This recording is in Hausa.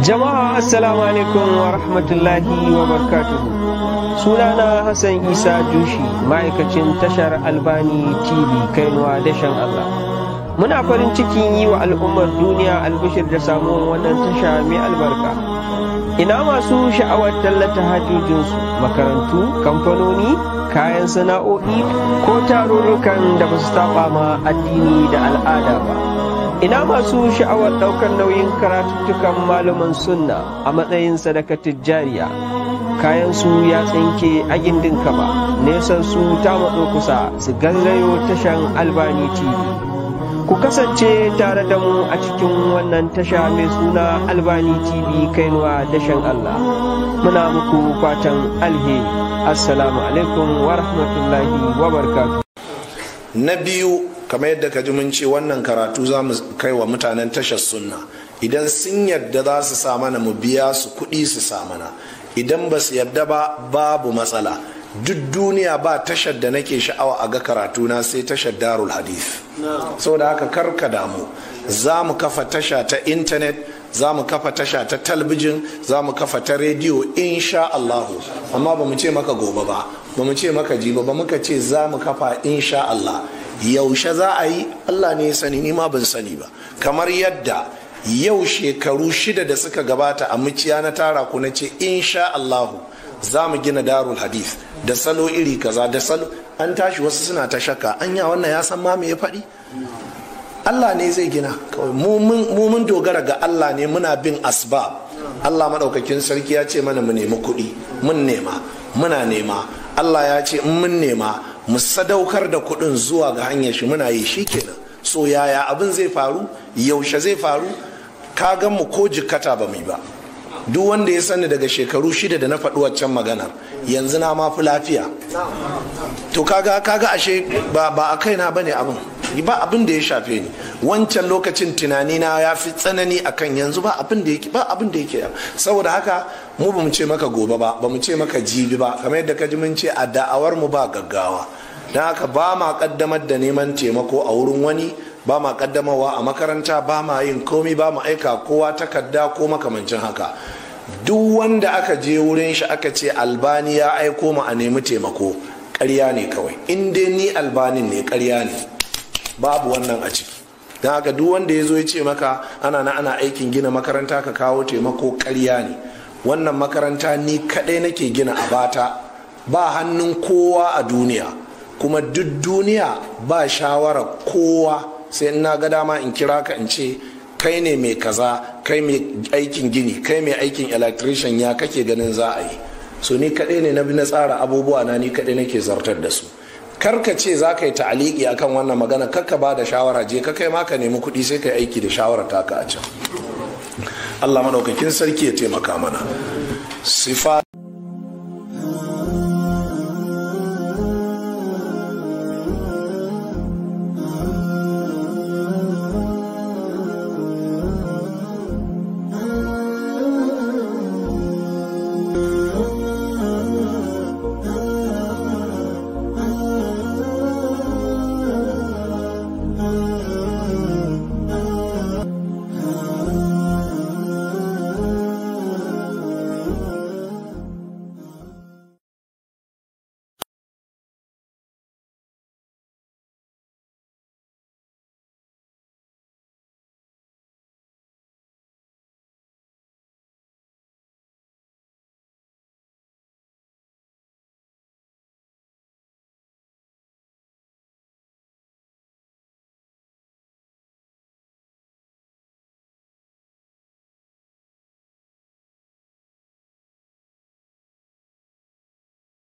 jama'a assalamu alaikum wa rahmatullahi wa barakatuhu sunana hassan isa jushi ma'aikacin tashar albani tv kainuwa dashen allah muna farin cikin yi wa al'ummar duniya albishir da samun wannan tasha mai albarka ina masu sha'awar tallata hajjojinsu makarantu kamfanoni kayan sana'o'i ko tarurrukan da ba su ma addini da al'ada ba ina masu sha'awar ɗaukar nauyin karatuttukan malaman sunna a matsayin sadaka tijjariya kayan su ya tsinke a gindin kama nesan su ta maɗo kusa su gangayo tashan albani tv ku kasance tare da mu a cikin wannan tasha mai suna albani tv kainuwa dashen allah muna muku fatan alheri assalamu alaikum wa rahmatullahi wa barkatu na biyu kamar yadda ka ji mun ce wannan karatu za mu kai wa mutanen tashar sunna idan sun yadda za su sa mana mu biya su kuɗi su sa mana idan ba su yadda ba babu matsala duk duniya ba tashar da nake sha'awa a ga karatu na sai tashar darul hadith saboda haka karka damu za mu kafa tasha ta intanet za mu kafa tasha ta talbijin za mu kafa ta rediyo insha Allahu amma ba mu ce maka gobe ba ba mu ce maka jiba ba muka ce za mu kafa insha Allah yaushe za a yi allah ne ya sani ni ma ban sani ba kamar yadda yau shekaru shida da suka gabata a muciya na tara ku na ce insha allahu za mu gina darul hadith da salo iri kaza da salo an tashi wasu suna ta shakka anya wannan ya san ma me ya faɗi Allah ne zai gina mu mun dogara ga Allah ne muna bin asbab Allah maɗaukakin sarki ya ce mana mu nemi kuɗi mun nema muna nema Allah ya ce in mun nema mu sadaukar da kuɗin zuwa ga hanyar shi muna yi shi kenan so yaya abin zai faru yaushe zai faru ka gan mu ko jikkata ba mu ba duk wanda ya sani daga shekaru shida da na faɗi waccan magana yanzu na ma fi lafiya to kaga kaga ashe ba a kaina bane abin ba abin da ya shafe ni wancan lokacin tunani na ya fi tsanani akan yanzu ba abin da yake ba abin da yake saboda haka mu ba mu ce maka gobe ba ba mu ce maka jibi ba kamar yadda ka ji mun ce a da'awar mu ba gaggawa don haka ba ma kaddamar da neman taimako a wurin wani ba ma kaddamawa a makaranta ba ma yin komi ba ma aika kowa takarda ko makamancin haka duk wanda aka je wurin shi aka ce albani ya aiko mu a nemi taimako ƙarya ne kawai in dai ni albanin ne ƙarya ne babu wannan a ciki don haka duk wanda ya zo ya ce maka ana na ana aikin gina makaranta ka kawo taimako karya ne wannan makaranta ni kadai nake gina a bata ba hannun kowa a duniya kuma duk duniya ba shawara kowa sai in na ga dama in kira ka in ce kai ne mai kaza kai mai aikin gini kai mai aikin electrician ya kake ganin za a yi so ni kadai ne na na tsara abubuwa na ni kadai nake zartar da su karka ce za ka yi ta'aliki akan wannan magana karka ba da shawara je ka kai ma ka nemi kuɗi sai ka yi aiki da shawara taka a can Allah maɗaukakin sarki ya taimaka mana sifa